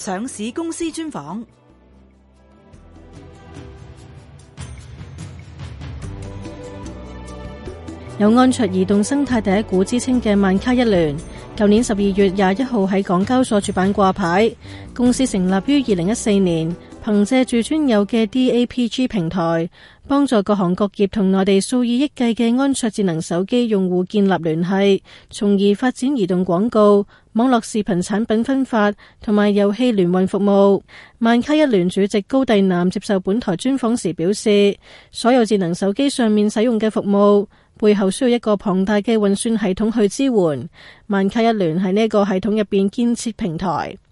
上市公司專訪，有安卓移動生態第一股之稱嘅萬咖壹聯，舊年十二月廿一號喺港交所主板掛牌。公司成立於二零一四年。憑借住專有嘅 DAPG 平台，幫助各行各業同內地數以億計嘅安卓智能手機用戶建立聯繫，從而發展移動廣告、網絡視頻產品分發同埋遊戲聯運服務。萬咖壹聯主席高弟男接受本台專訪時表示，所有智能手機上面使用嘅服務背後需要一個龐大嘅運算系統去支援，萬咖壹聯喺呢一個系統入邊建設平台。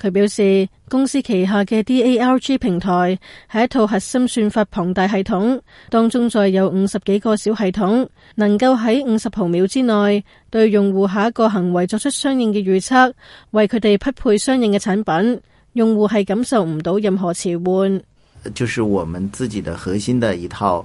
佢表示，公司旗下嘅 DAPG 平台係一套核心算法龐大系統，當中再有五十幾個小系統，能夠喺五十毫秒之內對用戶下一個行為作出相應嘅預測，為佢哋匹配相應嘅產品。用戶係感受唔到任何遲緩。就是我們自己的核心的一套。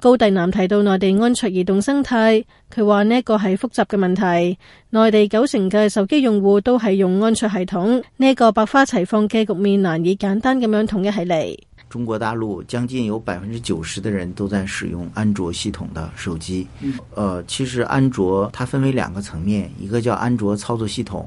高弟男提到內地安卓移動生態。佢話呢個係複雜嘅問題。內地九成嘅手機用戶都係用安卓系統，呢個百花齊放嘅局面難以簡單咁樣統一起嚟。中國大陸將近有百分之九十嘅人都在使用安卓系統嘅手機，呃，其實安卓它分為兩個層面，一個叫安卓操作系統。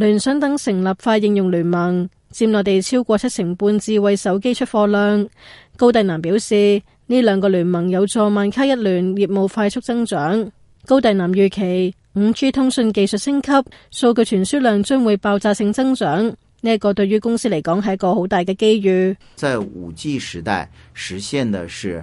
聯想等成立快應用聯盟，佔內地超過七成半智慧手機出貨量。高弟男表示，呢兩個聯盟有助萬咖壹聯業，業務快速增長。高弟男預期，5G 通訊技術升級，數據傳輸量將會爆炸性增長，呢、這、一個對於公司嚟講係一個好大嘅機遇。在 5G 時代，實現的是。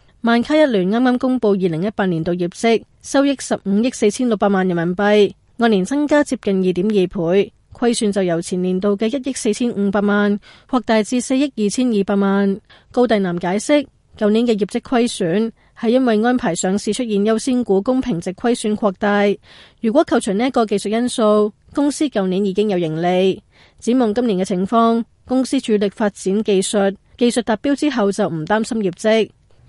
萬咖壹聯啱啱公布二零一八年度業績，收益十五億四千六百萬人民幣，按年增加接近二點二倍。虧損就由前年度嘅一億四千五百萬擴大至四億二千二百萬。高弟男解釋，舊年嘅業績虧損係因為安排上市出現優先股公平值虧損擴大。如果扣除呢一個技術因素，公司舊年已經有盈利。展望今年嘅情況，公司主力發展技術，技術達標之後就唔擔心業績。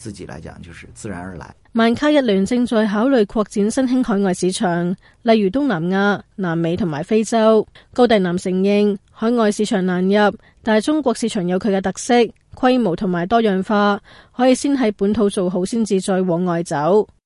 自己來講就是自然而來。萬咖壹聯正在考慮擴展新興海外市場，例如東南亞、南美同埋非洲。高弟男承認海外市場難入，但係中國市場有佢嘅特色、規模同埋多樣化，可以先喺本土做好，先至再往外走。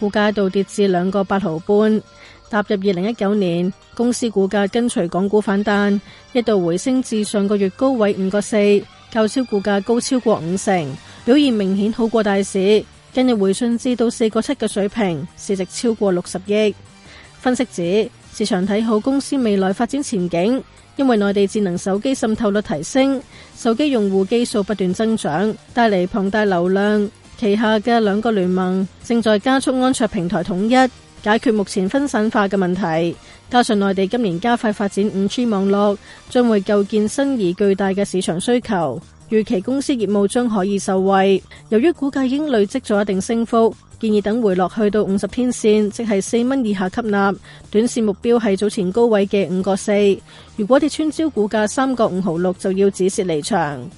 股價一度跌至兩個八毫半，踏入二零一九年，公司股價跟隨港股反彈，一度回升至上個月高位五個四，較招股價高超過五成，表現明顯好過大市。今日回升至到四個七嘅水平，市值超過六十億。分析指市場睇好公司未來發展前景，因為內地智能手機滲透率提升，手機用戶基數不斷增長，帶嚟龐大流量。旗下嘅兩個聯盟正在加速安卓平台統一，解決目前分散化嘅問題。加上內地今年加快發展 5G 網絡，將會構建新而巨大嘅市場需求，預期公司業務將可以受惠。由於股價已經累積咗一定升幅，建議等回落去到五十天線，即係四蚊以下吸納。短線目標係早前高位嘅五個四。如果跌穿招股價三個五毫六，就要止蝕離場。